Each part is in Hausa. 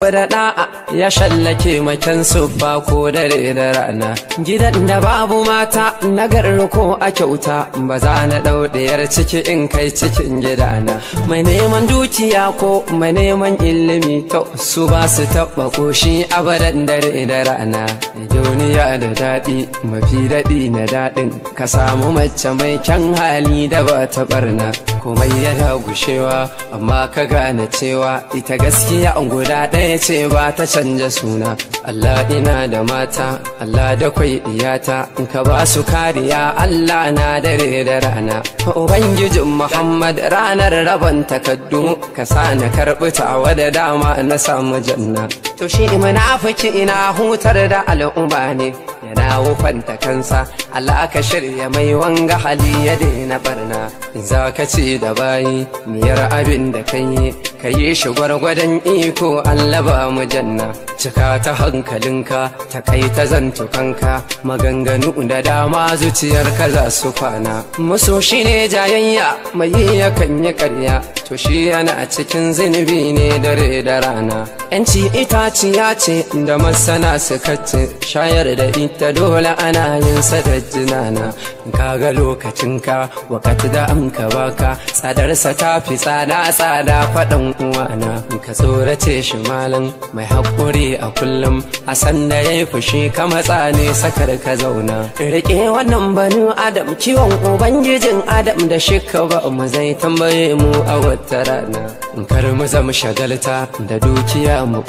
Barada ya shallake makin su ba ko dare da rana gidan da babu mata na ko a kyauta ba za na dau ɗayar ciki in kai cikin gidana mai neman dukiya ko mai neman ilimi to su ba su taɓa koshi a baran dare da rana duniya da daɗi mafi daɗi na daɗin ka samu mace mai kyan hali da ba ta barna komai ya gushewa amma ka gane cewa ita gaskiya an guda ɗaya ce ba ta canja suna Allah ina da mata Allah da kwai iyata in ka ba su kariya Allah na dare da rana Ubangijin Muhammad ranar rabon takaddu ka sa na karɓi tawa da dama na samu janna to shi munafuki ina hutar da al'umma ne ya dawo fanta kansa Allah ka shirya mai wanga hali ya daina barna za ka ci da bayi niyar abin da kayi, yi ka yi shi gwargwadon iko Allah ba mu janna cika ta hankalinka ta kai ta zantukanka maganganu da dama ka za su kwana musu shine jayayya mai yi yakan yi karya to shi yana cikin zunubi ne dare da rana yanci ya ce da masana suka ce shayar da ita dole ana yin sa na kaga lokacinka wakati da an ka baka tsadarsa ta fi tsada tsada faɗan uwana ka tsorace shi malam mai haƙuri a kullum a san ya yi fushi ka matsa ne sakar ka zauna Rike wannan banu adam kiwon ubangijin adam da shika ba mu zai tambaye mu a wata rana kar mu zama shagalta da dukiya mu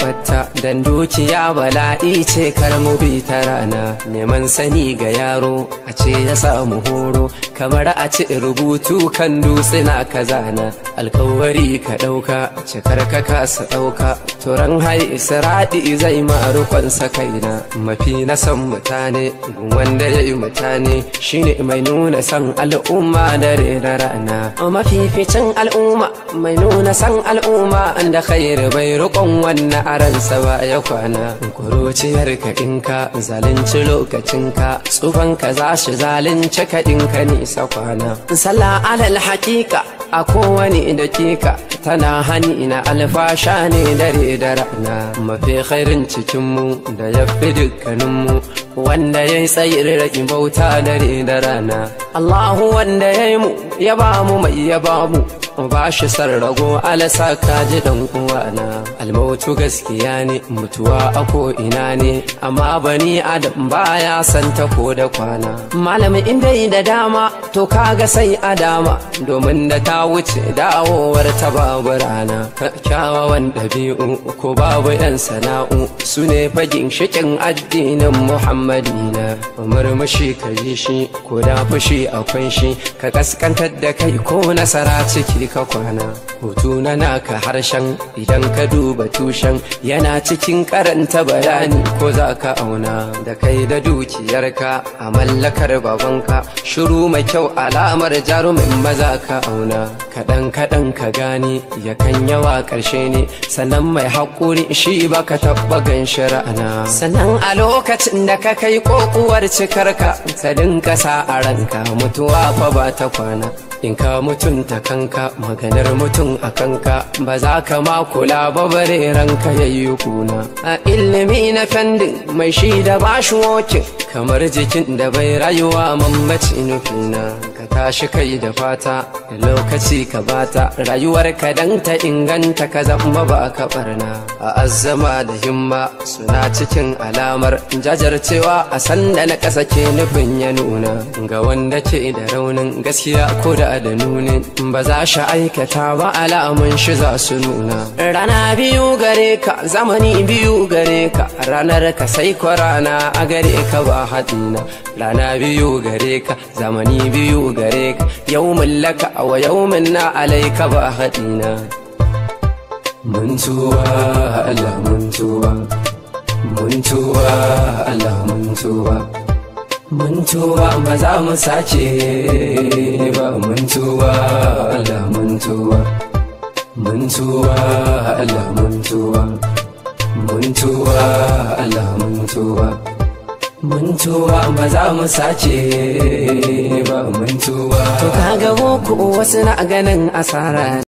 dan dukiya bala'i ce kar mu bi ta rana neman sani ga yaro a ce ya samu horo kamar a ci rubutu kan dutsina ka zana alkawari ka ɗauka cikar ka kasa ɗauka turan hai isra'i zai sa kaina mafi na san mutane wanda ya yi mutane shine mai nuna san al'umma dare da rana mafificin al'umma mai nuna san al'umma da khairu bai rukon wannan aransa ba ya kwana kuruciyar ka ɗinka zalunci lokacinka tsufan ka za shi zalunci ka ɗinka nisa kwana sala alal hakika a kowane dakika tana hani na alfasha ne dare da rana mafi khairin cikinmu da ya fi dukkaninmu wanda ya yi tsayin bauta dare da rana Allahu wanda ya yi mu ya ba mu mai ya ba mu ba shi sarrago alasa ka ji dan na almautu gaskiya ne mutuwa a ko ina ne amma bani adam baya san ta ko da kwana malami in dai da dama to kaga sai a dama domin da ta wuce dawowar ta babu rana kyawawan ɗabi'u ko babu yan sana'u su ne fagin shikin addinin muhammadina murmushi ka yi shi ko da fushi akwai shi ka kaskantar da kai ko nasara ciki ka kwana hotuna na ka harshen idan ka duba tushen yana cikin karanta bayani ko za ka auna da kai da dukiyarka a mallakar babanka shiru mai kyau alamar jarumin maza ka auna kaɗan kaɗan ka gane ya kan yawa ƙarshe ne sannan mai haƙuri shi ba ka taɓa ganshi ra'ana sannan a lokacin da ka kai ƙoƙuwar cikarka ta dinka sa a ranka mutuwa fa ba ta kwana in ka mutunta kanka maganar mutum a kanka ba za ka ma kula ba bare ranka yayyu kuna a ilimi na fandin mai shi da bashi wokin kamar jikin da bai rayuwa mamaci nufina ka tashi kai da fata da lokaci ka bata rayuwar ka dan ta inganta ka zama ba ka barna a azama da himma suna cikin alamar jajarcewa. a sanda na ƙasa ke nufin ya nuna ga wanda ke da raunin gaskiya ko da da nunin ba za shi aikata ba alamun shi za su nuna rana biyu gare ka zamani biyu gare ka ranar ka sai ko rana a gare ka ba haɗina rana biyu gare ka zamani biyu gare ka yau mallaka a wa yau na alaika ba haɗina mun tuwa Allah mun tuwa mun tuwa Allah mun tuwa mun tuwa ba za mu sace ba mun tuwa Allah mun tuwa mun tuwa Allah mun tuwa mun tuwa Allah mun tuwa Mun ba za mu sace ba mun tuba. To kaga boko wasu na ganin asara.